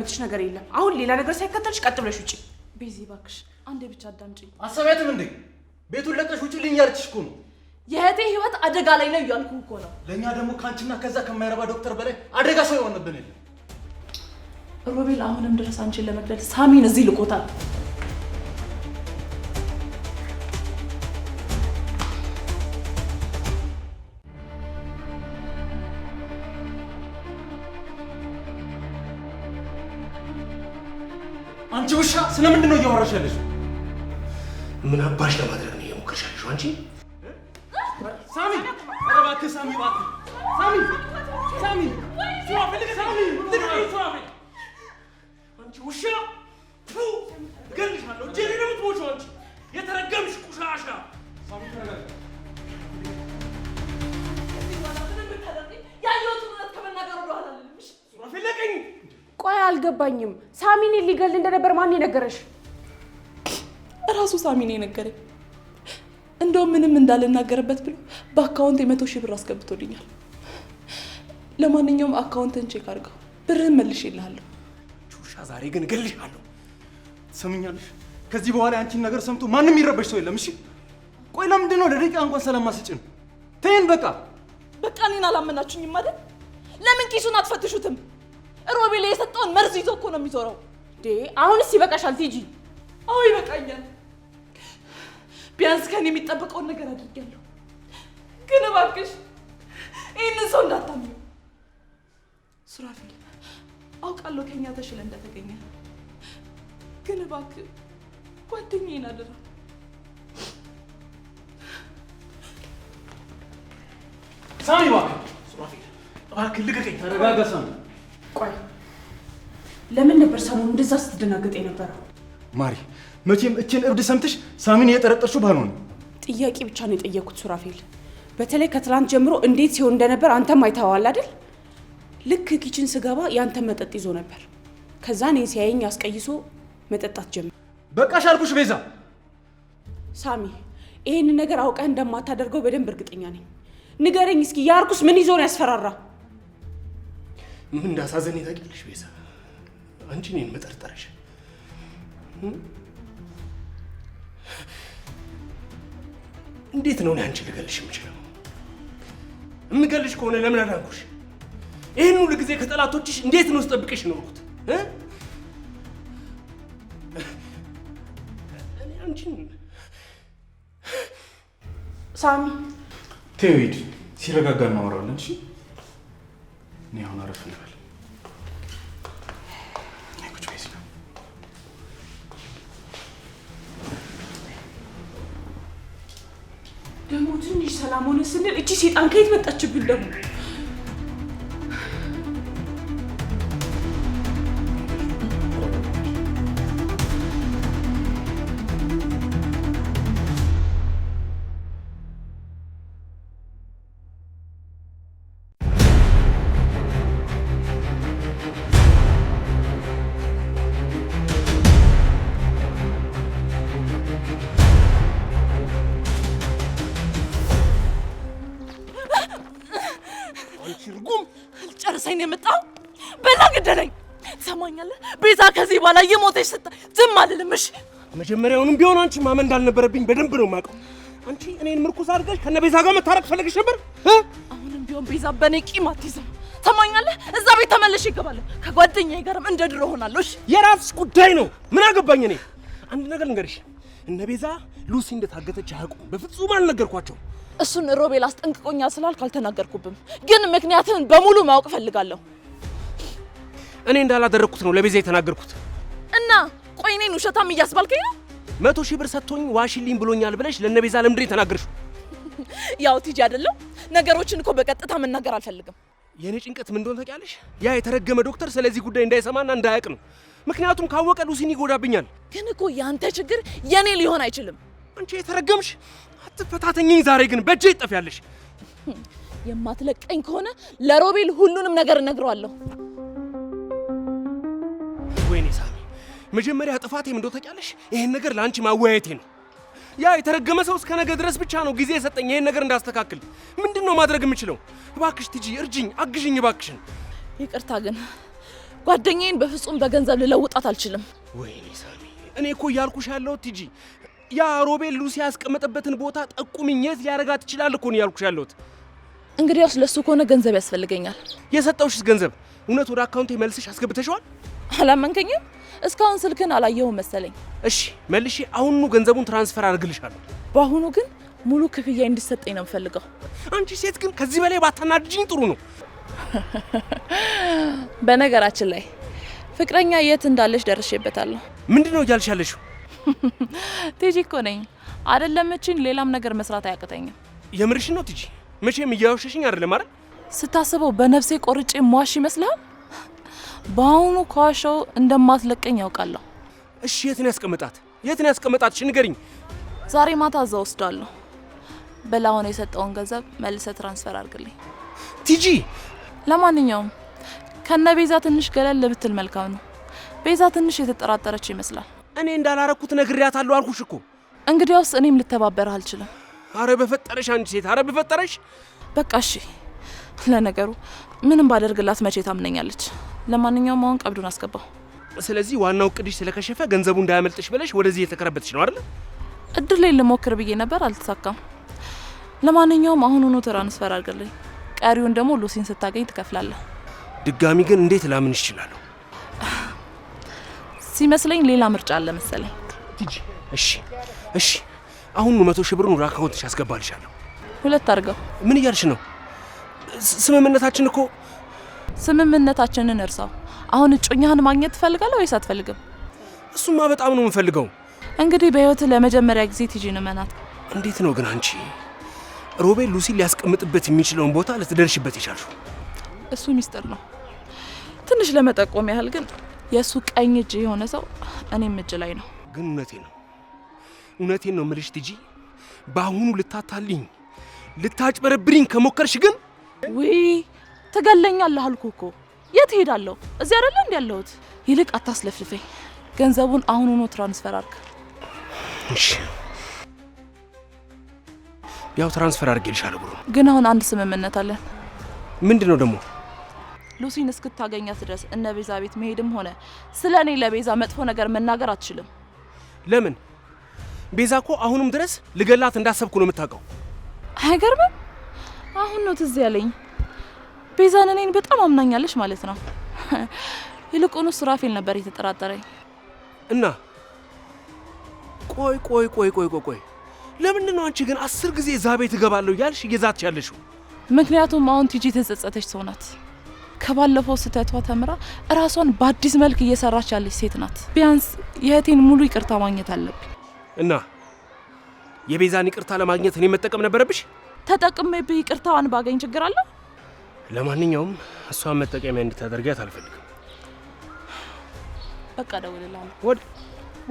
የሚያዳምጥሽ ነገር የለም። አሁን ሌላ ነገር ሳይከተልሽ ቀጥ ብለሽ ውጪ። ቤዚ እባክሽ አንዴ ብቻ አዳምጪኝ። አሰቢያትም እንዴ ቤቱን ለቀሽ ውጪ ልኝ ያለችሽ እኮ ነው። የእህቴ ህይወት አደጋ ላይ ነው እያልኩ እኮ ነው። ለእኛ ደግሞ ከአንቺና ከዛ ከማይረባ ዶክተር በላይ አደጋ ሰው የሆነብን የለም። ሮቤል አሁንም ድረስ አንቺን ለመግደል ሳሚን እዚህ ልኮታል። ስለምንድን ነው እያወራሽ ያለሽው? ምን አባሽ ለማድረግ ነው እየሞከርሽ ያለሽው አንቺ? ሳሚ እባክህ ሳሚ እባክህ ሳሚ ሳሚ አንቺ ውሻ እገልሻለሁ። እጄ ነው የምትሞጪው አንቺ የተረገምሽ ቁሻሻ። ያየሁትን እውነት ከመናገር ወደኋላ ልልሽ ሱራፌል ለቀኝ ቆይ አልገባኝም። ሳሚን ሊገል እንደነበር ማን የነገረሽ? እራሱ ሳሚን የነገረኝ። እንደውም ምንም እንዳልናገርበት ብሎ በአካውንት የመቶ ሺህ ብር አስገብቶልኛል። ለማንኛውም አካውንትን ቼክ አድርገው ብርህን መልሽ ይልሃለሁ። ቹሻ ዛሬ ግን እገልሻለሁ። ትሰምኛለሽ? ከዚህ በኋላ አንቺን ነገር ሰምቶ ማንም ይረበሽ ሰው የለም። እሺ ቆይ ለምንድን ነው ለደቂቃ እንኳን ሰላም ማስጭን? ተይን በቃ በቃ። እኔን አላመናችሁኝም አይደል? ለምን ኪሱን አትፈትሹትም? ሮቤል የሰጠውን መርዝ ይዞ እኮ ነው የሚዞረው። አሁንስ ይበቃሻል ቲጂ። አዎ ይበቃኛል። ቢያንስ ከእኔ የሚጠበቀውን ነገር አድርጌያለሁ። ግን እባክሽ ይህንን ሰው እንዳታምኚው። ሱራፌል አውቃለሁ ከኛ ተሽለ እንደተገኘ ግን እባክህ ጓደኛዬን አደራ ሳሚ እባክህ ሱራፌል እባክህ ልቀቀኝ። ተረጋጋ ሳሚ ቆይ ለምን ነበር ሰሞኑ እንደዛ ስትደናገጥ የነበረው? ማሪ መቼም እችን እብድ ሰምተሽ ሳሚን እየጠረጠርሽው ባልሆነ ጥያቄ ብቻ ነው የጠየኩት ሱራፌል። በተለይ ከትላንት ጀምሮ እንዴት ሲሆን እንደነበር አንተም አይተኸዋል አይደል? ልክ ኪችን ስገባ ያንተ መጠጥ ይዞ ነበር። ከዛ እኔን ሲያየኝ አስቀይሶ መጠጣት ጀመረ። በቃሽ አልኩሽ ቤዛ። ሳሚ ይሄንን ነገር አውቀህ እንደማታደርገው በደንብ እርግጠኛ ነኝ። ንገረኝ እስኪ ያ ምን ይዞ ነው ያስፈራራ? ምን እንዳሳዘን ታውቂያለሽ ቤዛ? አንቺ እኔን መጠርጠርሽ እንዴት ነው? እኔ አንቺ ልገልሽ የምችለው? የምገልሽ ከሆነ ለምን አዳንኩሽ? ይህን ሁሉ ጊዜ ከጠላቶችሽ እንዴት ነው ስጠብቅሽ ኖርኩት? ሳሚ ቴዊድ ሲረጋጋ እናወራለን። እሺ እኔ አሁን አረፍ ልበል። ደግሞ ትንሽ ሰላም ሆነ ስንል እቺ ሴጣን ከየት መጣችብን ደግሞ ከዚህ በኋላ የሞተች ስታ ዝም አልልም። እሺ መጀመሪያውንም ቢሆን አንቺ ማመን እንዳልነበረብኝ በደንብ ነው የማውቀው። አንቺ እኔን ምርኩስ አድርገሽ ከነ ቤዛ ጋር መታረቅ ፈለግሽ ነበር። አሁንም ቢሆን ቤዛ በእኔ ቂም አትይዝም። ሰማኛለህ? እዛ ቤት ተመለሽ ይገባለሁ። ከጓደኛዬ ጋርም እንደ ድሮ ሆናለሁ። የራስሽ ጉዳይ ነው። ምን አገባኝ እኔ። አንድ ነገር ልንገርሽ፣ እነ ቤዛ ሉሲ እንደታገተች አያውቁም። በፍጹም አልነገርኳቸው። እሱን ሮቤል አስጠንቅቆኛል ስላልክ አልተናገርኩብም፣ ግን ምክንያትህን በሙሉ ማወቅ እፈልጋለሁ። እኔ እንዳላደረግኩት ነው ለቤዛ የተናገርኩት። እና ቆይ እኔን ውሸታም እያስባልከኝ ነው? መቶ ሺህ ብር ሰጥቶኝ ዋሽልኝ ብሎኛል ብለሽ ለነቤዛ ለምድር የተናገርሽው? ያው ቲጂ አይደለም ነገሮችን እኮ በቀጥታ መናገር አልፈልግም። የእኔ ጭንቀት ምን እንደሆነ ታውቂያለሽ? ያ የተረገመ ዶክተር ስለዚህ ጉዳይ እንዳይሰማና እንዳያውቅ ነው። ምክንያቱም ካወቀ ሉሲን ይጎዳብኛል። ግን እኮ የአንተ ችግር የእኔ ሊሆን አይችልም። አንቺ የተረገምሽ አትፈታተኝኝ። ዛሬ ግን በእጄ ይጠፊያለሽ። የማትለቀኝ ከሆነ ለሮቤል ሁሉንም ነገር እነግረዋለሁ። ወይኔ ሳሚ፣ መጀመሪያ ጥፋቴም እንደው ታውቂያለሽ፣ ይሄን ነገር ለአንቺ ማወያየቴ ነው። ያ የተረገመ ሰው እስከ ነገ ድረስ ብቻ ነው ጊዜ የሰጠኝ ይሄን ነገር እንዳስተካክል። ምንድን ነው ማድረግ የምችለው? እባክሽ ትጂ፣ እርጅኝ፣ አግዥኝ እባክሽን። ይቅርታ ግን ጓደኛዬን በፍጹም በገንዘብ ልለውጣት አልችልም። ወይኔ ሳሚ፣ እኔ እኮ እያልኩሽ ያለሁት ትጂ፣ ያ ሮቤል ሉሲ ያስቀመጠበትን ቦታ ጠቁሚኝ፣ የት ሊያረጋት ይችላል እኮ ነው እያልኩሽ ያለሁት። እንግዲያውስ ለሱ ከሆነ ገንዘብ ያስፈልገኛል። የሰጠውሽስ ገንዘብ እውነት ወደ አካውንቴ መልስሽ አስገብተሸዋል? አላመንከኝም? እስካሁን ስልክን አላየሁም መሰለኝ። እሺ መልሼ አሁኑ ገንዘቡን ትራንስፈር አድርግልሻለሁ። በአሁኑ ግን ሙሉ ክፍያ እንዲሰጠኝ ነው የምፈልገው። አንቺ ሴት ግን ከዚህ በላይ ባታናድጅኝ ጥሩ ነው። በነገራችን ላይ ፍቅረኛ የት እንዳለች ደርሼበታለሁ። ምንድን ነው እያልሽ ያለሽው? ቲጂ እኮ ነኝ አይደለም። እችን ሌላም ነገር መስራት አያቅተኝም። የምርሽን ነው ቲጂ? መቼም እያወሸሽኝ አይደለም አይደል? ስታስበው በነፍሴ ቆርጬ ሟሽ ይመስልሃል? በአሁኑ ከዋሻው እንደማትለቀኝ ያውቃለሁ። እሺ፣ የት ነው ያስቀመጣት? የት ነው ያስቀመጣት? እሺ ንገሪኝ። ዛሬ ማታ እዛ ወስዳለሁ። በላሁን የሰጠውን ገንዘብ መልሰ ትራንስፈር አድርግልኝ ቲጂ። ለማንኛውም ከነ ቤዛ ትንሽ ገለል ልብትል መልካም ነው። ቤዛ ትንሽ የተጠራጠረች ይመስላል። እኔ እንዳላረኩት ነግሬያታለሁ አልኩሽ እኮ። እንግዲያውስ እኔም ልተባበረ አልችልም። አረ በፈጠረሽ አንድ ሴት፣ አረ በፈጠረሽ። በቃ እሺ። ለነገሩ ምንም ባደርግላት መቼ ታምነኛለች? ለማንኛውም አሁን ቀብዱን አስገባው። ስለዚህ ዋናው ቅድሽ ስለከሸፈ ገንዘቡ እንዳያመልጥሽ ብለሽ ወደዚህ የተከረበትሽ ነው አይደል? እድር ላይ ልሞክር ብዬ ነበር፣ አልተሳካም። ለማንኛውም አሁኑኑ ትራንስፈር አድርግልኝ፣ ቀሪውን ደግሞ ሉሲን ስታገኝ ትከፍላለህ። ድጋሚ ግን እንዴት ላምን ይችላሉ? ሲመስለኝ ሌላ ምርጫ አለ መሰለኝ። እሺ እሺ፣ አሁኑ መቶ ሺህ ብሩን አካውንትሽ አስገባልሻለሁ። ሁለት አድርገው። ምን እያልሽ ነው? ስምምነታችን እኮ ስምምነታችንን እርሳው። አሁን እጮኛህን ማግኘት ትፈልጋለህ ወይስ አትፈልግም? እሱማ በጣም ነው የምፈልገው። እንግዲህ በህይወት ለመጀመሪያ ጊዜ ቲጂ እመናት። እንዴት ነው ግን አንቺ ሮቤል ሉሲ ሊያስቀምጥበት የሚችለውን ቦታ ልትደርሽበት የቻልሽው? እሱ ሚስጥር ነው። ትንሽ ለመጠቆም ያህል ግን የእሱ ቀኝ እጅ የሆነ ሰው እኔም እጅ ላይ ነው። ግን እውነቴ ነው እውነቴን ነው ምልሽ ቲጂ፣ በአሁኑ ልታታልኝ ልታጭበረብሪኝ ከሞከርሽ ግን ውይ ትገለኛለህ አልኩ እኮ። የት ሄዳለሁ? እዚህ አይደለ እንዲ ያለሁት። ይልቅ አታስለፍልፈኝ። ገንዘቡን አሁን ኖ ትራንስፈር አድርግ። ያው ትራንስፈር አድርጌልሻለሁ ብሩ። ግን አሁን አንድ ስምምነት አለን። ምንድን ነው ደግሞ? ሉሲን እስክታገኛት ድረስ እነ ቤዛ ቤት መሄድም ሆነ ስለ እኔ ለቤዛ መጥፎ ነገር መናገር አትችልም። ለምን? ቤዛ እኮ አሁንም ድረስ ልገላት እንዳሰብኩ ነው የምታውቀው። አይገርምም? አሁን ነው ትዝ ያለኝ። ቤዛን እኔን በጣም አምናኛለች ማለት ነው። ይልቁንስ ሱራፌል ነበር የተጠራጠረኝ። እና ቆይ ቆይ ቆይ ቆይ ቆይ ቆይ ለምንድን ነው አንቺ ግን አስር ጊዜ እዛ ቤት እገባለሁ እያልሽ እየዛትሽ ያለሽው? ምክንያቱም አሁን ቲጂ የተጸጸተች ሰው ናት። ከባለፈው ስህተቷ ተምራ እራሷን በአዲስ መልክ እየሰራች ያለች ሴት ናት። ቢያንስ የእህቴን ሙሉ ይቅርታ ማግኘት አለብኝ። እና የቤዛን ይቅርታ ለማግኘት እኔ መጠቀም ነበረብሽ? ተጠቅሜብህ ይቅርታዋን ባገኝ ችግር አለሁ ለማንኛውም እሷን መጠቀሚያ እንድታደርጋት አልፈልግም። በቃ እደውልልሃለሁ።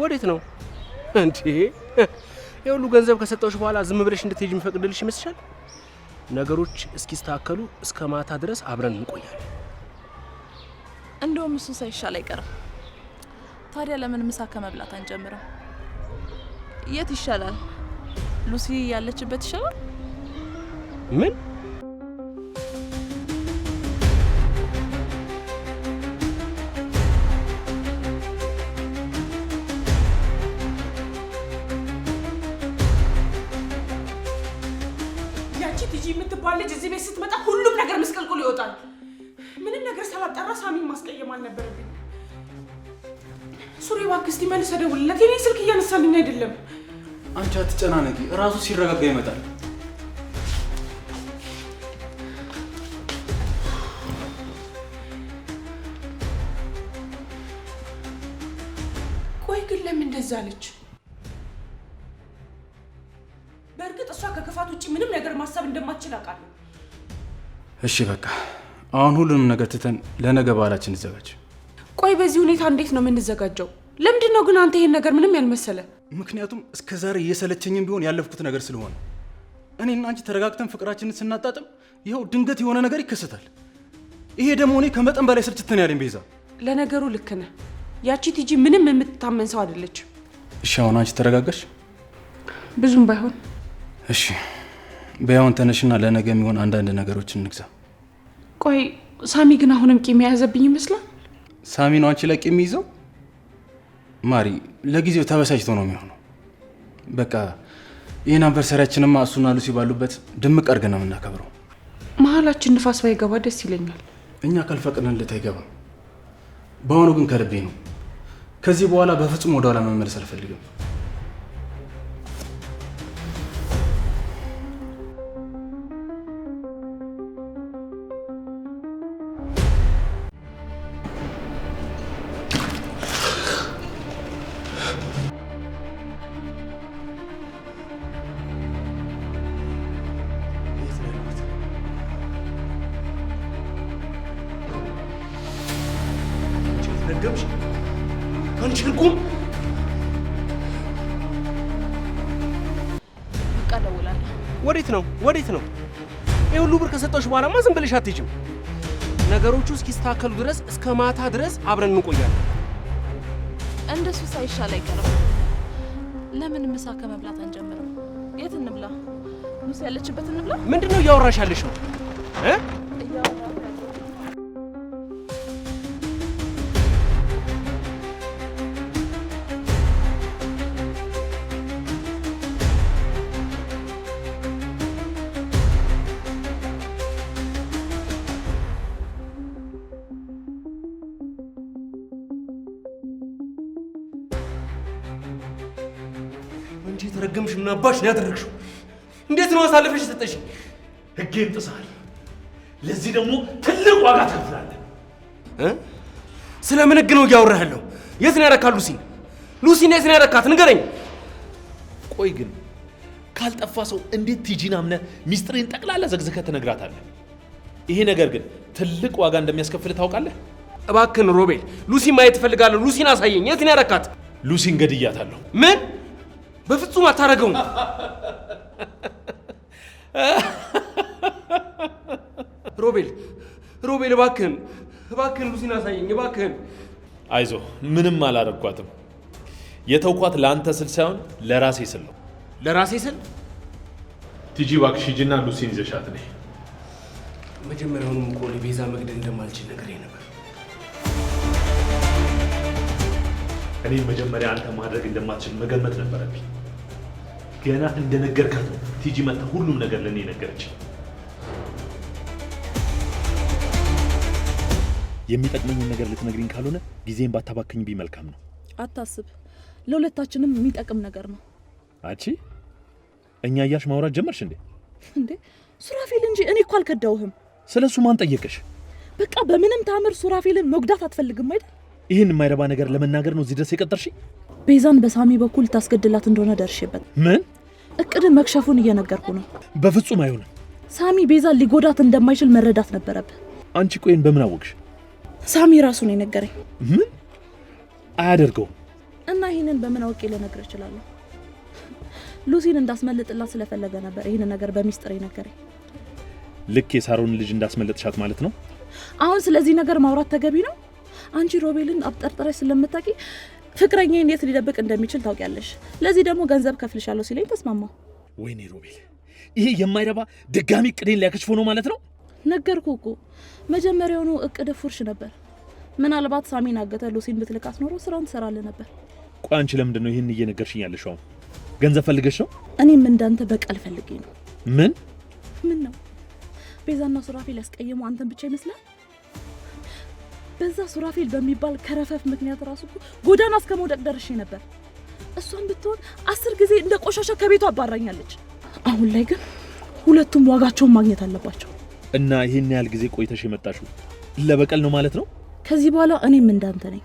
ወዴት ነው እንዴ? የሁሉ ገንዘብ ከሰጠሁሽ በኋላ ዝም ብለሽ እንድትሄጅ የሚፈቅድልሽ ይመስልሻል? ነገሮች እስኪስተካከሉ እስከ ማታ ድረስ አብረን እንቆያለን። እንደውም እሱን ሳይሻል አይቀርም። ታዲያ ለምን ምሳ ከመብላት አንጀምረው? የት ይሻላል? ሉሲ ያለችበት ይሻላል። ምን እንኳን ልጅ እዚህ ቤት ስትመጣ ሁሉም ነገር ምስቅልቅሉ ይወጣል። ምንም ነገር ሳላጣራ ሳሚን ማስቀየም አልነበረብኝ። ሱሪ እባክህ እስኪ መልሰህ ደውልለት። የኔ ስልክ እያነሳልኝ አይደለም። አንቺ አትጨናነቂ፣ እራሱ ሲረጋጋ ይመጣል። ቆይ ግን ለምን እንደዛ አለች? ማሰብ እንደማትችል አውቃለሁ። እሺ በቃ አሁን ሁሉንም ነገር ትተን ለነገ በዓላችን እንዘጋጅ። ቆይ በዚህ ሁኔታ እንዴት ነው የምንዘጋጀው? ለምንድን ነው ግን አንተ ይሄን ነገር ምንም ያልመሰለ? ምክንያቱም እስከ ዛሬ እየሰለቸኝም ቢሆን ያለፍኩት ነገር ስለሆነ እኔና አንቺ ተረጋግተን ፍቅራችንን ስናጣጥም ይኸው ድንገት የሆነ ነገር ይከሰታል። ይሄ ደግሞ እኔ ከመጠን በላይ ስርጭት ነው ያለኝ ቤዛ። ለነገሩ ልክ ነህ። ያቺ ቲጂ ምንም የምትታመን ሰው አይደለችም። እሺ አሁን አንቺ ተረጋጋሽ? ብዙም ባይሆን እሺ በያውን ተነሽና ለነገ የሚሆን አንዳንድ ነገሮች እንግዛ። ቆይ ሳሚ ግን አሁንም ቂም የያዘብኝ ይመስላል። ሳሚ ነው አንቺ ላይ ቂም ይዘው። ማሪ ለጊዜው ተበሳጭቶ ነው የሚሆነው። በቃ ይህን አንቨርሰሪያችንማ እሱና ሉሲ ባሉበት ድምቅ አድርገን ነው የምናከብረው። መሀላችን ንፋስ ባይገባ ደስ ይለኛል። እኛ ካልፈቅድንለት አይገባም። በአሁኑ ግን ከልቤ ነው። ከዚህ በኋላ በፍጹም ወደኋላ መመለስ አልፈልግም። ከወጣሽ በኋላማ ዝም ብለሽ አትሄጂም። ነገሮቹ እስኪስተካከሉ ድረስ እስከ ማታ ድረስ አብረን እንቆያለን። እንደሱ ሳይሻል አይቀርም። ለምን ምሳ ከመብላት አንጀምርም? የት እንብላ? ያለችበት እንብላ። ምንድን ነው እያወራሽ ያለሽ ነው? እንዳገባሽ ነው ያደረግሽው። እንዴት ነው አሳልፈሽ የሰጠሽ? ህጌን ጥሰሃል። ለዚህ ደግሞ ትልቅ ዋጋ ትከፍላለህ። ስለ ምን ህግ ነው እያወራህ ያለው? የት ነው ያረካት ሉሲን? ሉሲን የት ነው ያረካት? ንገረኝ። ቆይ ግን ካልጠፋ ሰው እንዴት ቲጂን አምነህ ሚስጥሬን ጠቅላላ ዘግዝከህ ትነግራታለህ? ይሄ ነገር ግን ትልቅ ዋጋ እንደሚያስከፍልህ ታውቃለህ። እባክህን ሮቤል፣ ሉሲን ማየት እፈልጋለሁ። ሉሲን አሳየኝ። የት ነው ያረካት? ሉሲን ገድያታለሁ። ምን በፍጹም አታረገው። ሮቤል ሮቤል፣ እባክህን እባክህን ሉሲን አሳየኝ እባክህን። አይዞ ምንም አላረግኳትም። የተውኳት ለአንተ ስል ሳይሆን ለራሴ ስል ነው። ለራሴ ስል ቲጂ፣ እባክሽ ሂጂና ሉሲን ይዘሻት ነይ። መጀመሪያውንም እኮ ቤዛ መግደል እንደማልችል ነገር ነበር። እኔ መጀመሪያ አንተ ማድረግ እንደማትችል መገመት ነበረብኝ። ገና እንደነገርካት ነው ቲጂ መታ ሁሉም ነገር ለእኔ ነገረች። የሚጠቅመኝን ነገር ልትነግሪኝ ካልሆነ ጊዜን ባታባክኝ ቢመልካም ነው። አታስብ፣ ለሁለታችንም የሚጠቅም ነገር ነው። አቺ እኛ እያልሽ ማውራት ጀመርሽ እንዴ? እንዴ ሱራፌል እንጂ እኔ እኮ አልከዳውህም። ስለ እሱ ማን ጠየቀሽ? በቃ በምንም ታምር ሱራፌልን መጉዳት አትፈልግም አይደል? ይህን የማይረባ ነገር ለመናገር ነው እዚህ ድረስ የቀጠርሽኝ? ቤዛን በሳሚ በኩል ታስገድላት እንደሆነ ደርሼበት ምን እቅድን መክሸፉን እየነገርኩ ነው። በፍጹም አይሆንም። ሳሚ ቤዛን ሊጎዳት እንደማይችል መረዳት ነበረብህ። አንቺ ቆይን በምን አወቅሽ? ሳሚ ራሱ ነው የነገረኝ። ምን አያደርገውም። እና ይህንን በምን አውቄ ልነግር እችላለሁ? ሉሲን እንዳስመልጥላት ስለፈለገ ነበር ይህንን ነገር በሚስጥር የነገረኝ። ልክ የሳሮን ልጅ እንዳስመለጥሻት ማለት ነው። አሁን ስለዚህ ነገር ማውራት ተገቢ ነው? አንቺ ሮቤልን አብጠርጥረሽ ስለምታውቂ ፍቅረኛ እንዴት ሊደብቅ እንደሚችል ታውቂያለሽ። ለዚህ ደግሞ ገንዘብ ከፍልሻለሁ ሲለኝ ተስማማ። ወይኔ ሮቤል፣ ይሄ የማይረባ ድጋሚ እቅዴን ሊያከሽፎ ነው ማለት ነው። ነገርኩ እኮ መጀመሪያውኑ እቅድ ፉርሽ ነበር። ምናልባት ሳሚን አገተ ሉሲን ብትልካት ኖሮ ስራውን ትሰራለ ነበር። ቆይ አንቺ ለምንድን ነው ይህን እየነገርሽኝ ያለሽ? አሁን ገንዘብ ፈልገሽ ነው? እኔም እንዳንተ በቀል ፈልጌ ነው። ምን ምን ነው ቤዛና ሱራፌ ሊያስቀየሙ አንተን ብቻ ይመስላል? በዛ ሱራፌል በሚባል ከረፈፍ ምክንያት ራሱ እኮ ጎዳና እስከ መውደቅ ደርሼ ነበር። እሷን ብትሆን አስር ጊዜ እንደ ቆሻሻ ከቤቷ አባራኛለች። አሁን ላይ ግን ሁለቱም ዋጋቸውን ማግኘት አለባቸው። እና ይህን ያህል ጊዜ ቆይተሽ የመጣሽው ለበቀል ነው ማለት ነው? ከዚህ በኋላ እኔም እንዳንተ ነኝ።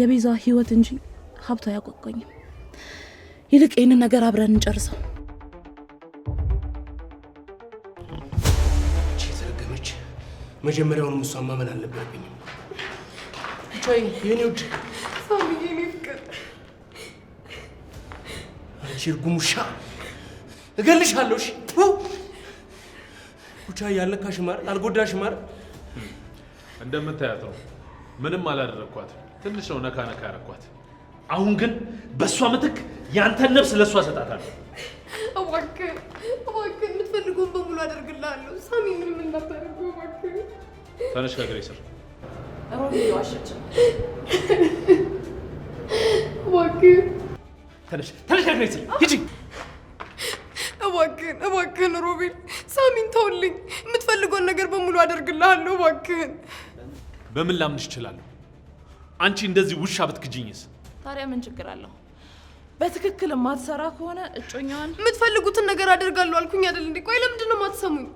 የቤዛ ህይወት እንጂ ሀብቷ አያቋቋኝም። ይልቅ ይህንን ነገር አብረን እንጨርሰው። መጀመሪያውንም እሷ ማመን አልነበረብኝም። ቻይ የኔ ውድ ሳሚ፣ የኔ ፍቅር፣ አንቺ እርጉም ውሻ እገልሻለሁ። እሺ ብቻ ያለካሽ ማር አልጎዳሽ ማር እንደምታያት ነው። ምንም አላደረግኳት። ትንሽ ነው ነካ ነካ ያረኳት። አሁን ግን በእሷ ምትክ ያንተን ነፍስ ለእሷ ሰጣታለሁ። ተነሽጋግሬ ስር ስር እባክህን እባክህን ሮቤል ሳሚን ተውልኝ። የምትፈልገውን ነገር በሙሉ አደርግልሃለሁ። እባክህን በምን ላምንሽ እችላለሁ? አንቺ እንደዚህ ውሻ ብትክጅኝስ? ታዲያ ምን ችግር አለው? በትክክል የማትሰራ ከሆነ እጮኛዋን የምትፈልጉትን ነገር አደርጋለሁ አልኩኝ አይደል እንዴ? ቆይ ለምንድን ነው የማትሰሙኝ?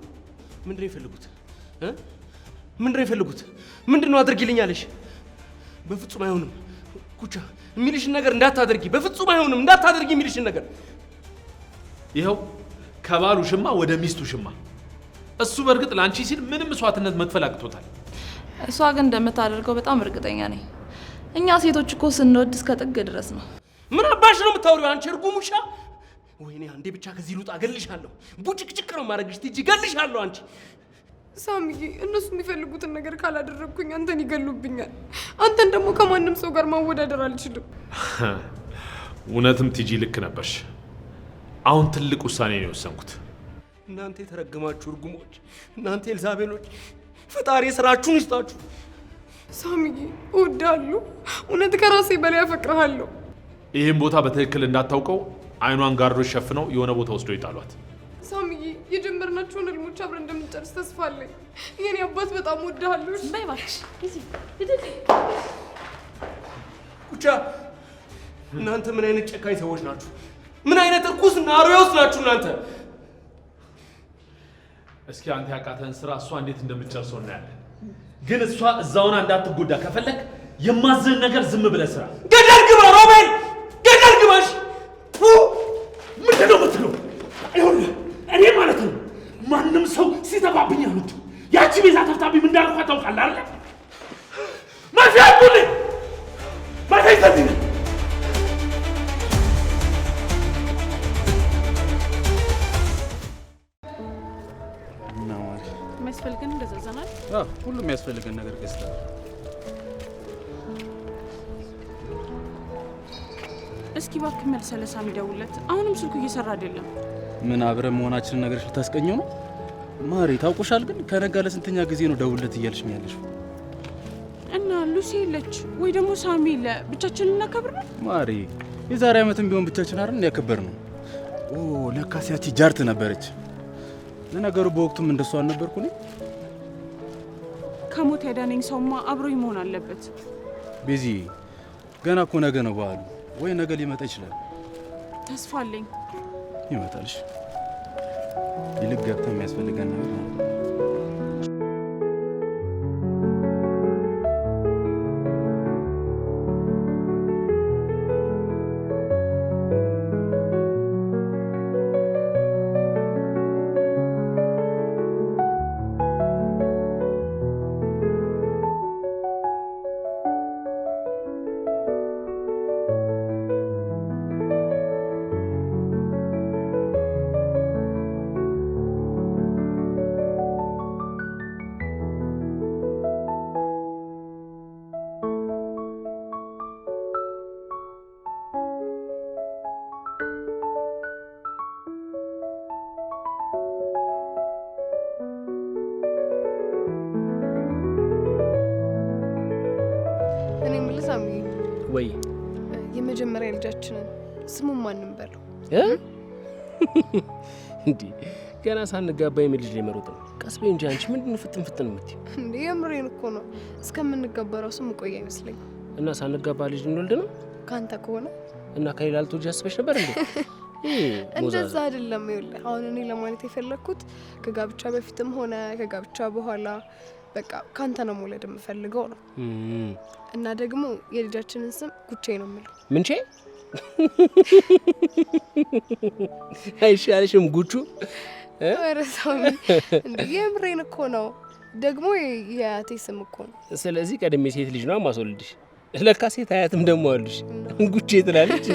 ምንድን ነው የፈለጉት? ምንድን ነው የፈለጉት? ምንድን ነው አድርጊልኛለሽ? በፍጹም አይሆንም ኩቻ የሚልሽን ነገር እንዳታደርጊ፣ በፍጹም አይሆንም እንዳታደርጊ የሚልሽን ነገር። ይኸው ከባሉ ሽማ ወደ ሚስቱ ሽማ። እሱ በእርግጥ ለአንቺ ሲል ምንም መስዋዕትነት መክፈል አቅቶታል። እሷ ግን እንደምታደርገው በጣም እርግጠኛ ነኝ። እኛ ሴቶች እኮ ስንወድ እስከ ጥግ ድረስ ነው። ምን አባሽ ነው የምታወሪው አንቺ እርጉም ውሻ! ወይኔ አንዴ ብቻ ከዚህ ልውጣ፣ እገልሻለሁ። ቡጭቅጭቅ ነው የማደርግሽ። ትሄጂ እገልሻለሁ አንቺ ሳምዬ እነሱ የሚፈልጉትን ነገር ካላደረግኩኝ አንተን ይገሉብኛል። አንተን ደግሞ ከማንም ሰው ጋር ማወዳደር አልችልም። እውነትም ቲጂ ልክ ነበርሽ። አሁን ትልቅ ውሳኔ ነው የወሰንኩት። እናንተ የተረገማችሁ እርጉሞች፣ እናንተ ኤልዛቤሎች፣ ፈጣሪ ስራችሁን ይስጣችሁ። ሳምዬ እወድሃለሁ። እውነት ከራሴ በላይ አፈቅርሃለሁ። ይህም ቦታ በትክክል እንዳታውቀው አይኗን ጋርዶች ሸፍነው የሆነ ቦታ ወስዶ ይጣሏት። የጀመርናቸውን ህልሞች አብረን እንደምንጨርስ ተስፋ አለኝ። የኔ አባት በጣም ወድሃለሁ። በይ እባክሽ ኩቻ። እናንተ ምን አይነት ጨካኝ ሰዎች ናችሁ? ምን አይነት እርኩስ እና አሮያውስ ናችሁ እናንተ! እስኪ አንተ ያቃተን ስራ እሷ እንዴት እንደምትጨርሰው እናያለን። ግን እሷ እዛውና እንዳትጎዳ ከፈለግ የማዝህን ነገር ዝም ብለህ ስራ ማንም ሰው ሲተባብኝ አሉት። ያቺ ቤዛ ተፍታብኝ ምን እንዳልኳ ታውቃለህ አይደል? መርፌ አምጡልኝ። ነው የሚያስፈልገን ሁሉም የሚያስፈልገን ነገር ገዝተናል። እስኪ እባክህ መልሰህ ለሳሚ አሁንም ስልኩ እየሰራ አይደለም። ምን አብረን መሆናችንን ነገርሽ ልታስቀኘው ነው? ማሪ ታውቁሻል። ግን ከነጋ ለስንተኛ ጊዜ ነው ደውለት እያልሽ ያለሽ? እና ሉሲ የለች ወይ ደግሞ ሳሚ የለ፣ ብቻችንን እናከብር ነው ማሪ። የዛሬ ዓመትም ቢሆን ብቻችን አይደል ያከበር ነው። ኦ ለካስ ጃርት ነበረች። ለነገሩ በወቅቱም እንደሷ አልነበርኩ እኔ። ከሞት ያዳነኝ ሰውማ አብሮኝ መሆን አለበት። ቤዚ ገና እኮ ነገ ነው በዓሉ፣ ወይ ነገ ሊመጣ ይችላል። ተስፋ አለኝ። ይመጣልሽ። ይልቅ ገብተህ የሚያስፈልገን ነገር ነው። ወይ የመጀመሪያ ልጃችንን ስሙ ማንም በለው እንዲ ገና ሳንጋባ የሚል ልጅ ሊመሩት ነው። ቀስ በይ እንጂ አንቺ ምንድን ፍጥን ፍጥን የምትይው? እንዲ የምሬን እኮ ነው። እስከምንጋባ ራሱ ምቆይ አይመስለኝ እና ሳንጋባ ልጅ እንወልድ ነው ከአንተ ከሆነ እና ከሌላ ልትወልጂ አስበሽ ነበር እንዴ? እንደዛ አይደለም። ይኸውልህ አሁን እኔ ለማለት የፈለግኩት ከጋብቻ በፊትም ሆነ ከጋብቻ በኋላ በቃ ካንተ ነው መውለድ የምፈልገው ነው። እና ደግሞ የልጃችንን ስም ጉቼ ነው የምለው። ምንቼ አይሻልሽም? ጉቹ ረሳሚ የምሬን እኮ ነው። ደግሞ የአያቴ ስም እኮ ነው። ስለዚህ ቀድሜ ሴት ልጅ ነው ማስወልድሽ። ለካ ሴት አያትም ደግሞ አሉሽ። ጉቼ ትላለች።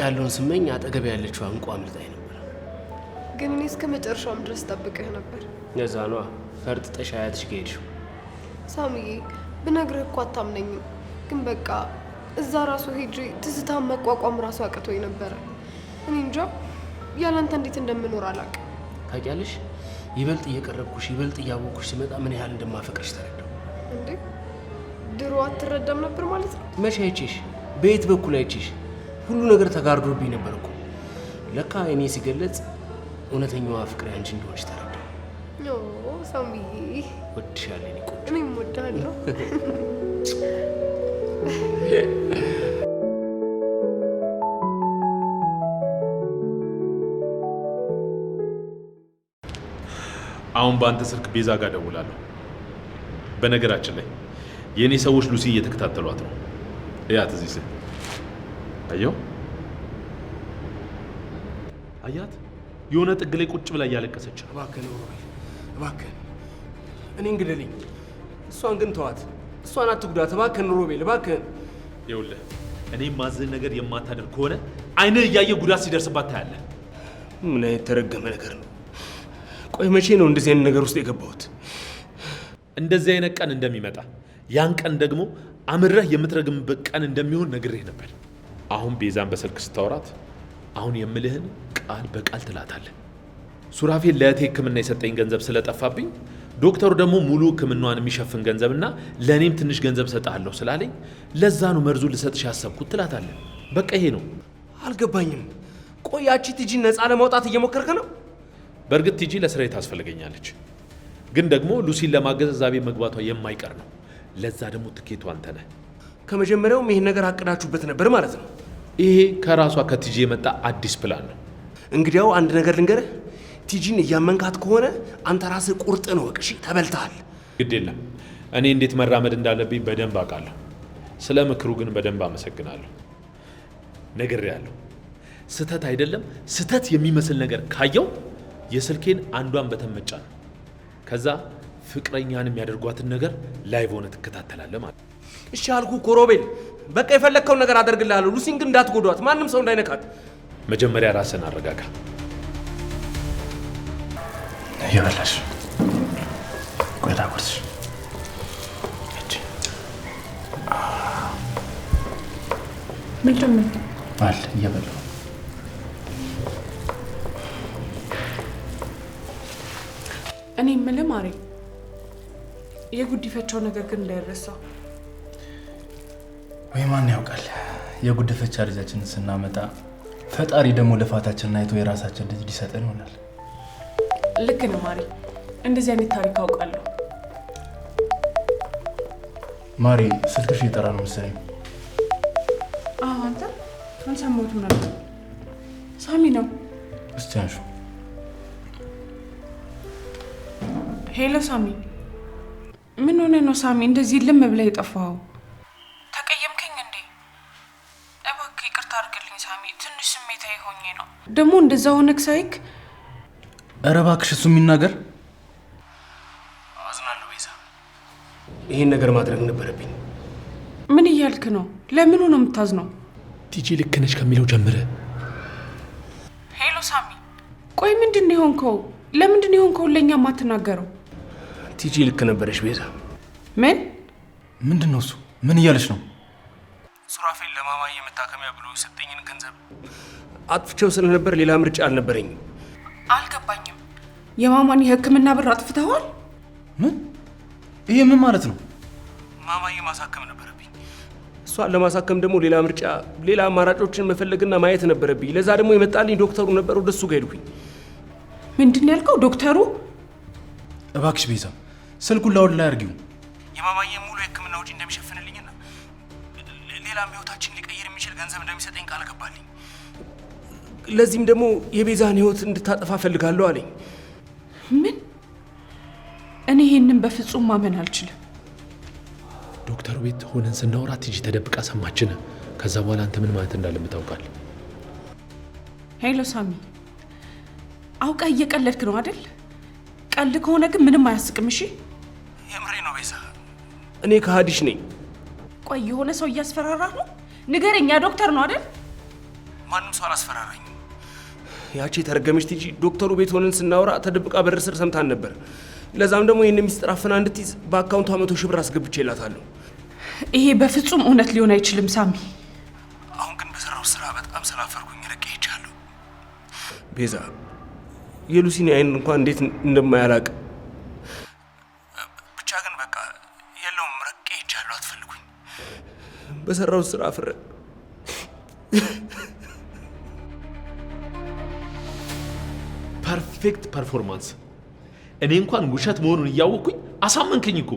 ያለውን ስመኝ አጠገብ ያለችው አንቋ አምልጣኝ ነበር። ግን እኔ እስከ መጨረሻውም ድረስ ጠብቀህ ነበር። ነዛ ነዋ ፈርጥጠሽ አያትሽ ከሄድሽው። ሳሙዬ ብነግርህ እኮ አታምነኝም። ግን በቃ እዛ ራሱ ሄጄ ትዝታን መቋቋም ራሱ አቅቶኝ ነበረ። እኔ እንጃ ያላንተ እንዴት እንደምኖር አላቅ ታውቂያለሽ፣ ይበልጥ እየቀረብኩሽ ይበልጥ እያወቅኩሽ ሲመጣ ምን ያህል እንደማፈቅርሽ ተረዳው። እንዴ ድሮ አትረዳም ነበር ማለት ነው? መቼ አይቼሽ፣ በየት በኩል አይቼሽ ሁሉ ነገር ተጋርዶብኝ ነበር እኮ። ለካ እኔ ሲገለጽ እውነተኛዋ ፍቅሬ አንቺ እንደሆነች ተረዳ። ሳምዬ ወድሻለሁ፣ እኔ ቆንጆ፣ እኔም ወድሃለሁ። አሁን በአንተ ስልክ ቤዛ ጋር ደውላለሁ። በነገራችን ላይ የእኔ ሰዎች ሉሲ እየተከታተሏት ነው። ያ ትዚህ ስል አየው አያት የሆነ ጥግ ላይ ቁጭ ብላ እያለቀሰች እባክህን ሮቤል እባክህን እኔን ግደልኝ እሷን ግን ተዋት እሷን አትጉዳት እባክህን ሮቤል እባክህን ይኸውልህ እኔ ማዝን ነገር የማታደርግ ከሆነ አይንህ እያየ ጉዳት ሲደርስባት ታያለህ ምን አይነት ተረገመ ነገር ነው ቆይ መቼ ነው እንደዚህ አይነት ነገር ውስጥ የገባሁት እንደዚህ አይነት ቀን እንደሚመጣ ያን ቀን ደግሞ አምረህ የምትረግምበት ቀን እንደሚሆን ነግሬህ ነበር አሁን ቤዛን በስልክ ስታወራት አሁን የምልህን ቃል በቃል ትላታለህ። ሱራፌል ለእህቴ ሕክምና የሰጠኝ ገንዘብ ስለጠፋብኝ ዶክተሩ ደግሞ ሙሉ ሕክምናዋን የሚሸፍን ገንዘብና ለእኔም ትንሽ ገንዘብ እሰጥሃለሁ ስላለኝ ለዛ ነው መርዙ ልሰጥሽ ያሰብኩት ትላታለህ። በቃ ይሄ ነው። አልገባኝም። ቆያቺ ቲጂ ነፃ ለማውጣት እየሞከርክ ነው? በእርግጥ ቲጂ ለስራዬ ታስፈልገኛለች፣ ግን ደግሞ ሉሲን ለማገዝ እዛ ቤት መግባቷ የማይቀር ነው። ለዛ ደግሞ ትኬቱ አንተ ነህ። ከመጀመሪያውም ይህን ነገር አቅዳችሁበት ነበር ማለት ነው። ይሄ ከራሷ ከቲጂ የመጣ አዲስ ፕላን ነው። እንግዲያው አንድ ነገር ልንገርህ፣ ቲጂን እያመንካት ከሆነ አንተ ራስህ ቁርጥ ነው እቅሺ ተበልተሃል። ግድ የለም እኔ እንዴት መራመድ እንዳለብኝ በደንብ አውቃለሁ። ስለ ምክሩ ግን በደንብ አመሰግናለሁ። ነግሬያለሁ። ስህተት አይደለም ስህተት የሚመስል ነገር ካየው የስልኬን አንዷን በተመጫ ነው። ከዛ ፍቅረኛን የሚያደርጓትን ነገር ላይቭ ሆነ ትከታተላለህ ማለት እሺ አልኩ እኮ ሮቤል። በቃ የፈለግከውን ነገር አደርግልሃለሁ። ሉሲን ግን እንዳትጎዷት፣ ማንም ሰው እንዳይነካት። መጀመሪያ ራስን አረጋጋ። እየበላሽ ቆይታ ቁርስ ምንድነው? ባል እየበላሁ እኔ የምልህ ማሬ፣ የጉዲፈቻው ነገር ግን እንዳይረሳ ወይ ማን ያውቃል? የጉድፈቻ ልጃችንን ስናመጣ ፈጣሪ ደግሞ ልፋታችንን አይቶ የራሳችን ልጅ ሊሰጠን ይሆናል። ልክ ነው ማሪ፣ እንደዚህ አይነት ታሪክ አውቃለሁ። ማሪ፣ ስልክሽ እየጠራ ነው መሰለኝ። አንተ ሰማሁት? ነበር። ሳሚ ነው። እስቲ አንሹ። ሄሎ ሳሚ፣ ምን ሆነ ነው ሳሚ እንደዚህ ልም ብለህ የጠፋኸው? አድርግልኝ ሳሚ፣ ትንሽ ስሜታዊ ሆኜ ነው። ደግሞ እንደዛ ሆነክ ሳይክ። ኧረ እባክሽ እሱ የሚናገር አዝናለሁ። ቤዛ፣ ይሄን ነገር ማድረግ ነበረብኝ። ምን እያልክ ነው? ለምኑ ነው የምታዝነው? ቲጂ ልክ ነች ከሚለው ጀምረ። ሄሎ ሳሚ፣ ቆይ ምንድን የሆንከው? ለምንድን ነው የሆንከው? ለእኛ የማትናገረው? ቲጂ ልክ ነበረች ቤዛ። ምን ምንድን ነው እሱ? ምን እያለች ነው? ሱራፌን ለማማዬ መታከሚያ ብሎ የሰጠኝን ገንዘብ አጥፍቼው ስለነበር ሌላ ምርጫ አልነበረኝም። አልገባኝም። የማማን የሕክምና ብር አጥፍተዋል? ምን? ይሄ ምን ማለት ነው? ማማዬ ማሳከም ነበረብኝ። እሷን ለማሳከም ደግሞ ሌላ ምርጫ፣ ሌላ አማራጮችን መፈለግና ማየት ነበረብኝ። ለዛ ደግሞ የመጣልኝ ዶክተሩ ነበር። ወደሱ ጋር ሄድኩኝ። ምንድን ያልከው? ዶክተሩ እባክሽ ቤዛ ስልኩን ላውድ ላይ አርጊው። የማማዬ ሙሉ የሕክምና ውጪ እንደሚሸፍ ሌላም ህይወታችን ሊቀይር የሚችል ገንዘብ እንደሚሰጠኝ ቃል ገባልኝ። ለዚህም ደግሞ የቤዛን ህይወት እንድታጠፋ ፈልጋለሁ አለኝ። ምን? እኔ ይህንን በፍጹም ማመን አልችልም። ዶክተሩ ቤት ሆነን ስናወራ እጂ ተደብቃ ሰማችን። ከዛ በኋላ አንተ ምን ማለት እንዳለም ታውቃል። ሄሎ ሳሚ፣ አውቃ እየቀለድክ ነው አይደል? ቀልድ ከሆነ ግን ምንም አያስቅም። እሺ፣ የምሬ ነው ቤዛ፣ እኔ ከሀዲሽ ነኝ። ቆይ የሆነ ሰው እያስፈራራ ነው? ንገረኛ፣ ዶክተር ነው አይደል? ማንም ሰው አላስፈራራኝ። ያቺ የተረገመች ቲጂ ዶክተሩ ቤት ሆነን ስናወራ ተደብቃ በር ስር ሰምታን ነበር። ለዛም ደግሞ ይህን ሚስጥር አፍና እንድትይዝ በአካውንቷ መቶ ሺህ ብር አስገብቼ ላታለሁ። ይሄ በፍጹም እውነት ሊሆን አይችልም ሳሚ። አሁን ግን በሰራው ስራ በጣም ስላፈርኩኝ ርቄ ሄጃለሁ። ቤዛ የሉሲን አይን እንኳን እንዴት እንደማያላቅ በሰራው ስራ አፍረ ፐርፌክት ፐርፎርማንስ። እኔ እንኳን ውሸት መሆኑን እያወቅኩኝ አሳመንክኝ እኮ።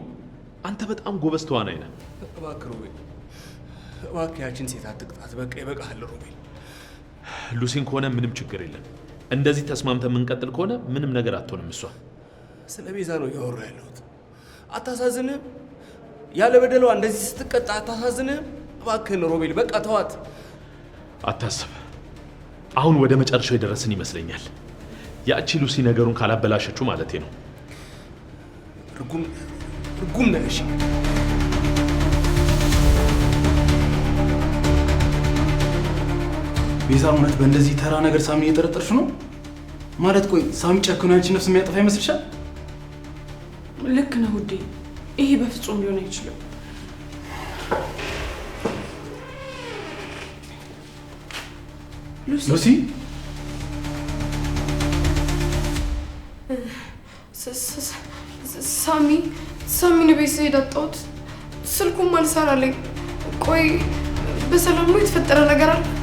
አንተ በጣም ጎበዝ ተዋናይ ነህ። እባክህ ሮቤል፣ እባክህ ያችን ሴት አትቅጣት። በቃ ይበቃሃል ሮቤል። ሉሲን ከሆነ ምንም ችግር የለም። እንደዚህ ተስማምተን የምንቀጥል ከሆነ ምንም ነገር አትሆንም። እሷ ስለ ቤዛ ነው እያወራ ያለሁት። አታሳዝንም ያለ በደሏ እንደዚህ ስትቀጣ አታሳዝንም እባክህን ሮቤል፣ በቃ ተዋት። አታስብ። አሁን ወደ መጨረሻው የደረስን ይመስለኛል። ያቺ ሉሲ ነገሩን ካላበላሸችው ማለቴ ነው። እርጉም እርጉም ነሽ። ቤዛ፣ እውነት በእንደዚህ ተራ ነገር ሳሚን እየጠረጠርሽ ነው ማለት? ቆይ ሳሚ ጨክኖ ያንቺ ነፍስ የሚያጠፋ ይመስልሻል? ልክ ነው ውዴ፣ ይሄ በፍጹም ሊሆን አይችልም። ሉሲ ሳሚ ሳሚን ቤት ስሄድ አጣሁት። ስልኩም አልሰራለኝ። ቆይ በሰላም የተፈጠረ ነገር አለ?